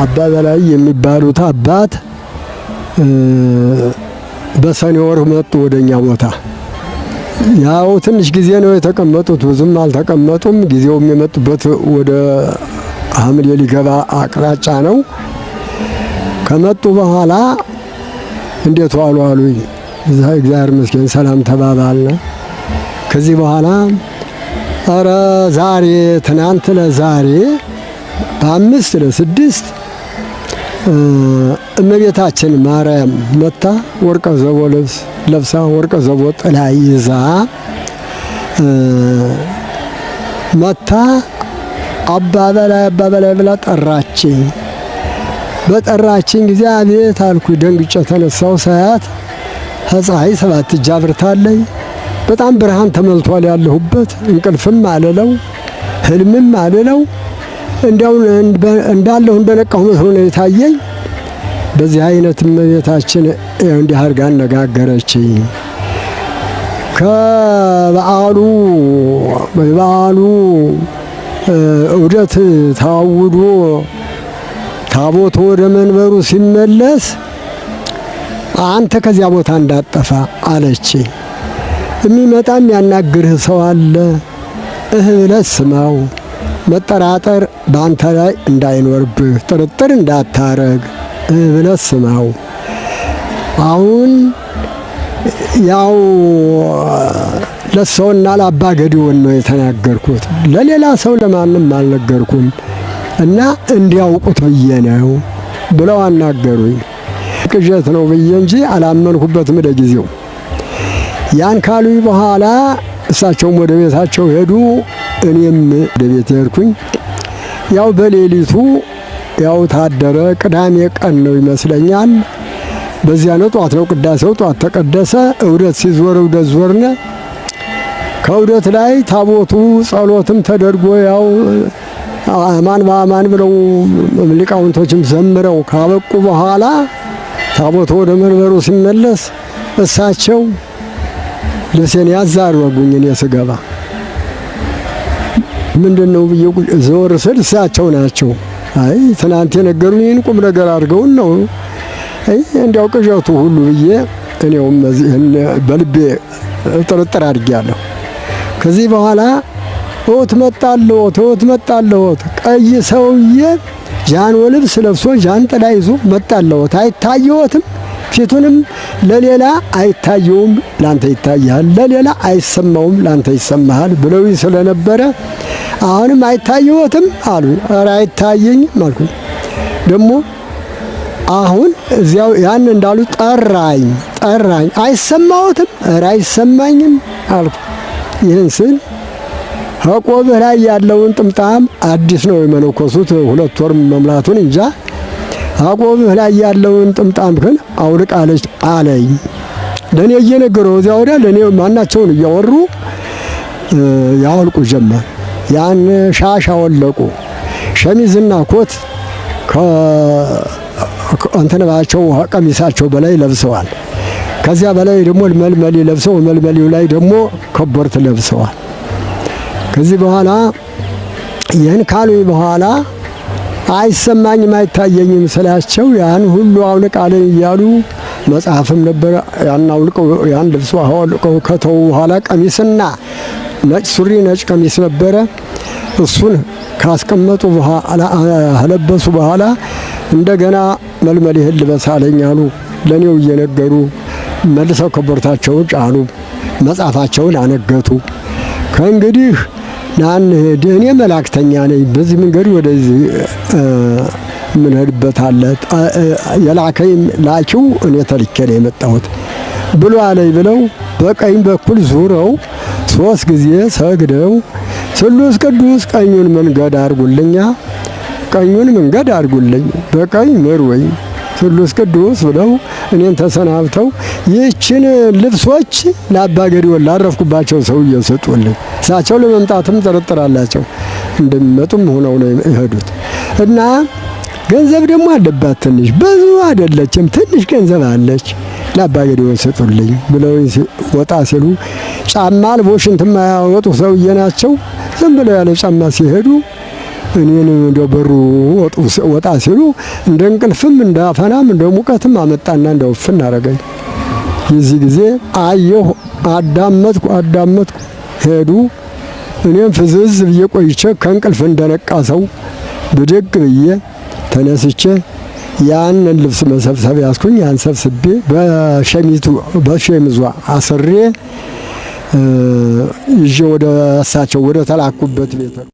አባ በላይ የሚባሉት አባት በሰኔ ወር መጡ ወደኛ ቦታ። ያው ትንሽ ጊዜ ነው የተቀመጡት፣ ብዙም አልተቀመጡም። ጊዜውም የመጡበት ወደ ሐምሌ ሊገባ አቅራጫ ነው። ከመጡ በኋላ እንዴት ዋሉ አሉኝ። እግዚአብሔር ይመስገን ሰላም ተባባልን። ከዚህ በኋላ ኧረ ዛሬ ትናንት ለዛሬ በአምስት ለስድስት እመቤታችን ማርያም መታ ወርቀ ዘቦ ልብስ ለብሳ ወርቀ ዘቦ ጥላ ይዛ መታ አባ በላይ አባ በላይ ብላ ጠራችኝ። በጠራችኝ ጊዜ አቤት አልኩ። ደንግጬ ተነሳው ሳያት ፀሐይ ሰባት እጅ አብርታለኝ። በጣም ብርሃን ተመልቷል ያለሁበት። እንቅልፍም አልለው ህልምም አልለው እንዲያው እንዳለሁ እንደነቃሁ መስሎ ነው የታየኝ። በዚህ አይነት እመቤታችን እንዲህ አድርጋ አነጋገረችኝ። ከበዓሉ በበዓሉ እውደት ታውዶ ታቦቱ ወደ መንበሩ ሲመለስ አንተ ከዚያ ቦታ እንዳጠፋ አለች። የሚመጣም ያናግርህ ሰው አለ እህ ብለህ ስማው መጠራጠር በአንተ ላይ እንዳይኖርብህ ጥርጥር እንዳታረግ ብለህ ስማው። አሁን ያው ለሰውና ለአባ ገዲዮን ነው የተናገርኩት። ለሌላ ሰው ለማንም አልነገርኩም እና እንዲያውቁት ብዬ ነው ብለው አናገሩኝ። ቅዠት ነው ብዬ እንጂ አላመንኩበትም ለጊዜው። ያን ካሉኝ በኋላ እሳቸውም ወደ ቤታቸው ሄዱ። እኔም ወደ ቤት ሄድኩኝ። ያው በሌሊቱ ያው ታደረ። ቅዳሜ ቀን ነው ይመስለኛል። በዚያ ነው ጧት ነው ቅዳሴው፣ ጧት ተቀደሰ። እውደት ሲዞር እውደት ዞርነ። ከእውደት ላይ ታቦቱ ጸሎትም ተደርጎ ያው አማን በአማን ብለው ሊቃውንቶችም ዘምረው ካበቁ በኋላ ታቦቱ ወደ መንበሩ ሲመለስ እሳቸው ልብሴን ያዝ አድርጉኝ። እኔ ስገባ ምንድን ነው ብዬ ዘወር ስል እሳቸው ናቸው። አይ ትናንት የነገሩኝን ቁም ነገር አድርገውን ነው እንዲያው ቅዠቱ ሁሉ ብዬ እኔውም በልቤ ጥርጥር አድርጌያለሁ። ከዚህ በኋላ እወት መጣለሁት እወት መጣለሁት ቀይ ሰውዬ ጃኖ ልብስ ለብሶ ጃንጥላ ይዞ መጣለሁት አይታየዎትም ፊቱንም ለሌላ አይታየውም፣ ላንተ ይታያል፣ ለሌላ አይሰማውም፣ ላንተ ይሰማሃል ብለው ስለነበረ አሁንም አይታየወትም አሉ። ኧረ አይታየኝም አልኩኝ። ደግሞ አሁን እዚያው ያን እንዳሉ ጠራኝ ጠራኝ። አይሰማዎትም? ኧረ አይሰማኝም አልኩ። ይህን ስል ከቆብህ ላይ ያለውን ጥምጣም አዲስ ነው የመነኮሱት ሁለት ወር መምላቱን እንጃ አቆብህ ላይ ያለውን ጥምጣም ጥምጣምህን አውልቃለች አለኝ። ለእኔ እየነገረው እዚያ ወዲያ ለእኔ ማናቸውን እያወሩ ያወልቁ ጀመር። ያን ሻሽ አወለቁ። ሸሚዝና ኮት ከእንትናቸው ቀሚሳቸው በላይ ለብሰዋል። ከዚያ በላይ ደግሞ መልመሊ ለብሰው መልመሊው ላይ ደግሞ ከቦርት ለብሰዋል። ከዚህ በኋላ ይህን ካሉኝ በኋላ አይሰማኝም አይታየኝም ስላቸው ያን ሁሉ አውልቃለን እያሉ መጽሐፍም ነበር ያን አውልቀው ያን ልብሱ አውልቀው ከተው በኋላ ቀሚስና ነጭ ሱሪ ነጭ ቀሚስ ነበረ። እሱን ካስቀመጡ በኋላ አለበሱ በኋላ እንደገና መልመል ይህን ልበስ አለኝ አሉ። ለእኔው እየነገሩ መልሰው ከበርታቸውን ጫኑ፣ መጽሐፋቸውን አነገቱ። ከእንግዲህ ናንህድ እኔ መላእክተኛ ነኝ፣ በዚህ መንገድ ወደዚህ ምንሄድበት አለ የላከኝ ላኪው እኔ ተልኬ ነው የመጣሁት ብሎ አለኝ ብለው በቀኝ በኩል ዙረው ሶስት ጊዜ ሰግደው ስሉስ ቅዱስ ቀኙን መንገድ አድርጉልኛ፣ ቀኙን መንገድ አድርጉልኝ፣ በቀኝ ወይ ቅዱስ ቅዱስ ብለው እኔን ተሰናብተው ይህችን ልብሶች ለአባ ገሪወል ላረፍኩባቸው ሰው እየሰጡልኝ እሳቸው ለመምጣትም ጥርጥራላቸው እንደሚመጡም ሆነው ነው የሄዱት እና ገንዘብ ደግሞ አለባት ትንሽ፣ ብዙ አይደለችም፣ ትንሽ ገንዘብ አለች። ለአባ ገሪወል ብለው ወጣ ሲሉ ጫማ አልቦ ሽንት የማያወጡ ሰውዬ ናቸው። ዝም ብለው ያለ ጫማ ሲሄዱ እኔን በሩ ወጣ ሲሉ እንደ እንቅልፍም እንደ አፈናም እንደ ሙቀትም አመጣና እንደ ውፍን አረገኝ። የዚህ ጊዜ አየሁ፣ አዳመጥኩ፣ አዳመጥኩ ሄዱ። እኔም ፍዝዝ ብዬ ቆይቼ ከእንቅልፍ እንደነቃ ሰው ብድግ ብዬ ተነስቼ ያንን ልብስ መሰብሰብ ያስኩኝ። ያን ሰብስቤ በሸሚቱ በሸሚዟ አስሬ ይዤ ወደ እሳቸው ወደ ተላኩበት ቤት